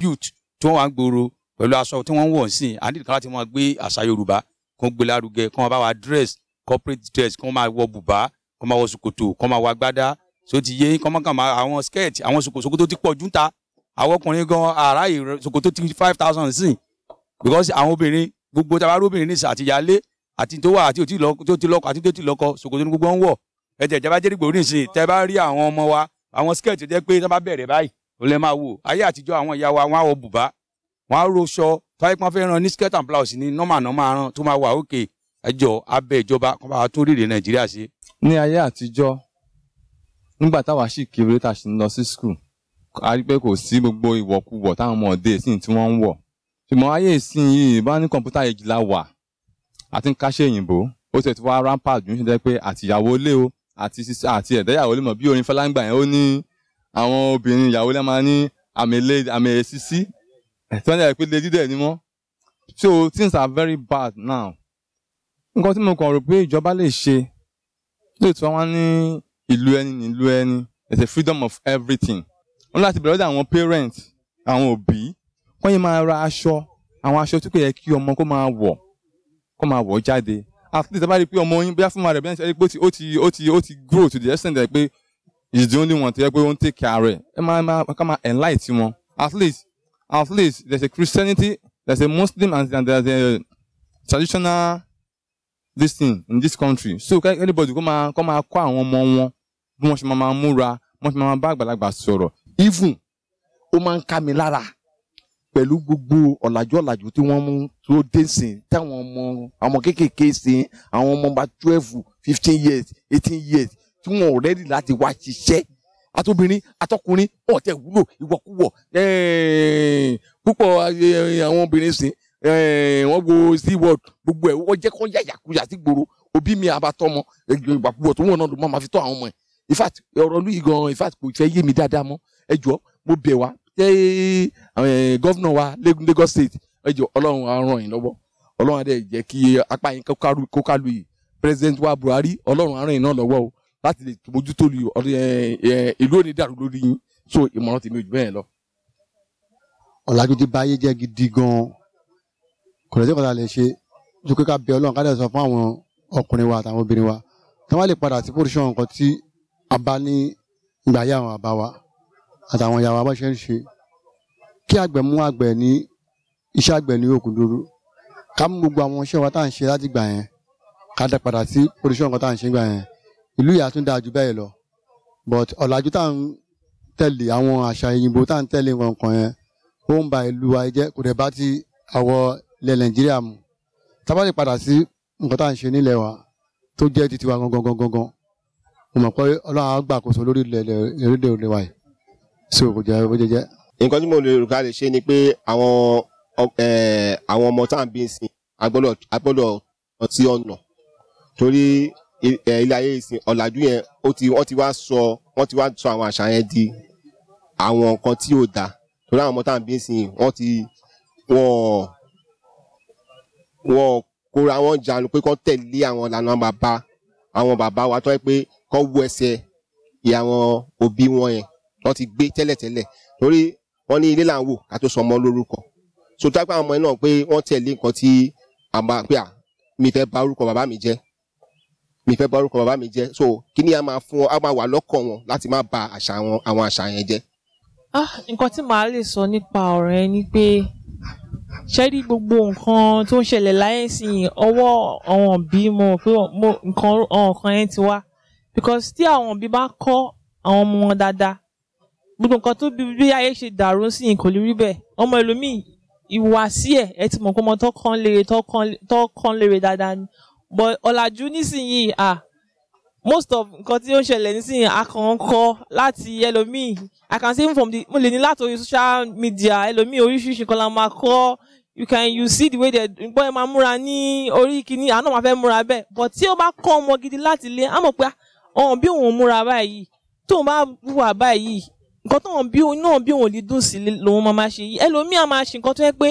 tribute tí wọ́n wá ń gbòòrò pẹ̀lú aṣọ tí wọ́n ń wọ̀ sí àdìdì kan láti máa gbé àṣà yorùbá kó gbé lárugẹ kó máa bá wa dress corporate dress kó máa wọ bùbá kó máa wọ ṣòkòtò kó máa wọ agbádá so ti yé kó máa kàn máa àwọn skirt àwọn ṣòkòtò ti pọ̀ júta àwọn ọkùnrin gan àráyè ṣòkòtò ti five thousand sí because àwọn obìnrin gbogbo tabarú obìnrin nísà àtìyálé àti tó wà àti tó ti lọ́kọ àti tó ti lọ́kọ ṣòkòtò ní gbogbo ń wọ̀ ẹ̀jẹ̀ ìjábá jẹ́rìgbò nísìnyí tẹ́ bá rí àwọn ọmọ wa àwọn skirt jẹ́ pé tó bá bẹ̀rẹ̀ báyìí ó lè máa wò ayé àtijọ́ àwọn ìyá wa wọ́n á wọ bùbá wọ́n á roṣọ tọ́yẹ́ pọ́n fẹ́ ran ní skirt and blouse ní nọ́mà nọ́mà ran tó máa wà òkè ẹjọ́ abẹ́ ìjọba kan bá tún rírè nàìjíríà ṣe. ní ayé àtijọ́ nígbà táwa sì kéré tá a sì ń lọ sí school a rí pé kò sí gbogbo ìwọ̀kuwọ̀ táwọn ọmọdé ìsìn tí wọ́n ń wọ̀ ṣùgbọ́n ayé ìsìn yìí bá ní kọ̀ǹpútà yìí la wà àti ń káṣẹ́ òyìnbó ó sì ti wá rampart ju ń ṣe jẹ́ pé àtìyàwó lé o àti ẹ̀dẹ́yàwó lé mọ̀ bí orin fẹ́láńgbà yẹn ó ní àwọn obìnrin ìyàwó lẹ́ máa ní àmì ilé àmì èsìsí tí wọ́n yà pé ilé dídẹ̀ ni wọ́n so things are very bad now nǹkan tí mo kàn rò pé ìjọba lè ṣe lóòótọ́ wọn ní ìlú ẹni ní ìlú ẹni it's a freedom of everything wọn láti bẹ̀rẹ̀ lọ́dọ̀ àwọn parents àwọn òbí wọ́n yìí máa ra aṣọ àwọn aṣọ tí kò yẹ kí ọmọ kó máa wọ̀ kó máa wọ̀ jáde àti tí ìjọba rí i pé ọmọ yín bí a fún ọmọ rẹ̀ bí wọ́n ṣe rí i pé ó ti ó ti ó ti grow to the extent that pé is the only one tó yẹ pé ó ń take care rẹ̀ ẹ máa máa ká enlighten wọn at least at least there's a Christianity there's a Muslim and, there's a traditional this thing in this country so anybody come, máa kó máa kọ́ one ọmọ wọn bí wọ́n ṣe máa máa múra wọ́n ṣe máa even ó Kamilara, ń ká mi lára pẹ̀lú gbogbo ọ̀làjú ọ̀làjú tí wọ́n mú tó dé sìn táwọn ọmọ àwọn kéékèèké sìn àwọn twelve fifteen years eighteen years tí wọn ò rẹ́dì láti wá ṣiṣẹ́ àtobìnrin àtọkùnrin ọ̀tẹ̀ wúlò ìwọ̀kuwọ̀ púpọ̀ àwọn obìnrin sìn wọ́n gbo sí wọ́ọ̀d gbogbo ẹ̀ wọ́n jẹ́ kó yàyàkuyà sí gbòòrò òbí mi àbátọ́mọ ìwàkuwọ̀ tó wọ́n náà ló máa fi tọ́ àwọn ọmọ ẹ̀ in fact ọ̀rọ̀ lùyìí gan in fact kò fẹ́ yé mi dáadáa mọ́ ẹ jọ̀ọ́ mo bẹ̀ wá tẹ́ gọ́vnà wa Lagos State ẹ jọ̀ọ́ ọlọ́run á ràn yín lọ́wọ́ ọlọ́run á jẹ́ kí apá yín kó kálù yìí president wa Buhari ọlọ́run á yín náà lọ́wọ́ o láti lè mójútó eh, eh, ìlú òní dàrú lórí yín so ìmọ̀ràn tèmi ò jù bẹ́ẹ̀ lọ. ọ̀làjú ti báyé jẹ́ gidi gan-an kò lè sí ìkọ̀tà lè ṣe ju kíkà bẹ ọlọ́run ká dẹ̀ sọ fún àwọn ọkùnrin wa àtàwọn obìnrin wa tí wọ́n lè padà sí pòṣíṣàn nǹkan tí a bá ní ìgbà yá àwọn àbá wa àtàwọn ìyàwó abáṣẹ ń ṣe kí àgbẹ̀ mú àgbẹ̀ ní iṣẹ́ àgbẹ̀ ní òkun dúró ká mú gbogbo àwọn iṣẹ́ wa tá à ń ṣe láti gbà yẹn ká dẹ̀ padà sí pòṣíṣàn nǹkan tá à ń ṣe gbà yẹn ìlú yìí á tún dáa jù bẹ́ẹ̀ lọ but ọ̀làjú tá à ń tẹ̀lé àwọn àṣà ìyìnbó tá à ń tẹ̀lé nǹkan yẹn ó ń ba ìlú wa jẹ́ kò dẹ̀ bá ti àwọ̀ ilẹ̀ nàìjíríà mu tábà lè padà sí nǹkan tá à ń ṣe nílẹ̀ wa tó jẹ́ ti tiwa gangan gangan gangan mo mọ̀ pé ọlọ́run á gbàkóso lórí ìrẹ́lẹ̀ òde wa yìí so kò jẹ́ bó jẹ jẹ́. nǹkan tí mo lè rò ká lè ṣe ni pé àwọn àwọn ọmọ tá à ń bí sin agbọ́dọ̀ agbọ́dọ̀ ọtí ọ̀nà torí ilé ayé ìsìn ọ̀làjú yẹn ó ti wọ́n ti wá sọ wọ́n ti wá sọ àwọn àṣà yẹn di àwọn nǹkan tí ò dáa torí àwọn ọmọ tá à ń bí sìn wọ́n ti wọ́n wọ́n kóra wọn jánu pé kọ́ tẹ̀lé àwọn ìlànà bàbá àwọn bàbá wa tọ́ pé kọ́ wú ẹsẹ̀ àwọn òbí wọn yẹn wọ́n ti gbé tẹ́lẹ̀tẹ́lẹ̀ torí wọ́n ní ilé là ń wò ká tó sọ ọmọ lórúkọ so dápẹ́ àwọn ọmọ yẹn náà pé wọ́n tẹ̀lé nǹkan tí àmà pé à mi fẹ́ bà orúkọ bàbá mi jẹ́ mi fẹ́ bárúkọ bàbá mi jẹ́ so kíní a máa fún ọ a máa wà lọ́kàn wọn láti má ba àṣà wọn àwọn àṣà yẹn jẹ́. ah nǹkan tí màá lè sọ nípa ọ̀rọ̀ yẹn ni pé ṣe rí gbogbo nǹkan tó ń ṣẹlẹ̀ láyé sí i ọwọ́ àwọn òbí mo rò pé nǹkan ọ̀kan yẹn ti wá because tí àwọn òbí bá kọ́ àwọn ọmọ wọn dáadáa gbogbo nǹkan tó bí bí ayé ṣe dàrú sí i kò lè rí bẹ́ẹ̀ ọmọ ẹlòmíì ìwà sí ẹ̀ ẹ ti mọ̀ pé ọmọ tọ́kàn lére tọ́kàn lére dáadáa ni but ọ̀làjú nísìnyìí ah most of nǹkan tí ó ń ṣẹlẹ̀ nísìnyìí akọ̀ọ̀kọ̀ láti ẹlòmíì i can see from the mo lè ní látòrí social media ẹlòmíì oríṣiríṣi kan la máa kọ́ you can you see the way they gbọ́ ẹ máa múra ní orí kìíní àná máa fẹ́ múra bẹ́ẹ̀ but tí ó bá kọ́ ọmọ gidi láti ilé á mọ̀ pé ọ̀hún bí òun múra báyìí tóun bá wà báyìí nǹkan tóun bí òun náà bí òun ò ní dùn sí lòun máa máa ṣe yìí ẹlòmíì á máa ṣe nǹkan tó yẹ pé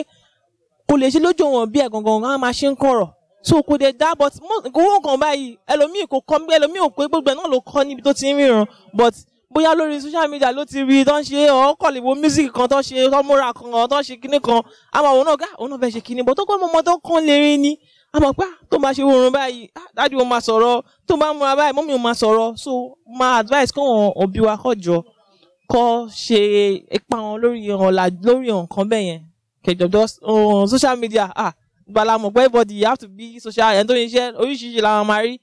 kò lè ṣe lójú òun bí ẹ̀ gangan á máa ṣe ń kọ̀rọ̀ so kò dé dá but owó kan báyìí ẹlòmíì kò kọ́ ẹlòmíì ò pé gbogbo ẹ̀ náà ló kọ́ níbi tó ti ń ríran but bóyá lórí social media ló ti rí i tó ń ṣe ọkọ̀lẹ̀wò music kan tó ń ṣe tọ́múra kan tó ń ṣe kinní kan àmọ́ òun náà gá ah, òun náà fẹ́ ṣe kinní bọ́ tó kọ́ ọmọ tó kàn lè rí ni àmọ́ pé ah, tó máa ṣe oorun báyìí ah, dájú ó máa sọ̀rọ̀ tó máa múra báyìí mọ́mí ó máa sọ̀rọ̀ so máa advice kọ́ wọn òbí wa kọ́ jọ kọ́ ṣe ipa wọn lórí ọ̀la lórí nǹkan bẹ́ẹ̀ yẹn kẹjọ social media ah gbala mọ̀ pé everybody you have to be social ẹni tó ń ṣiṣẹ́ oríṣiríṣi làwọn máa rí.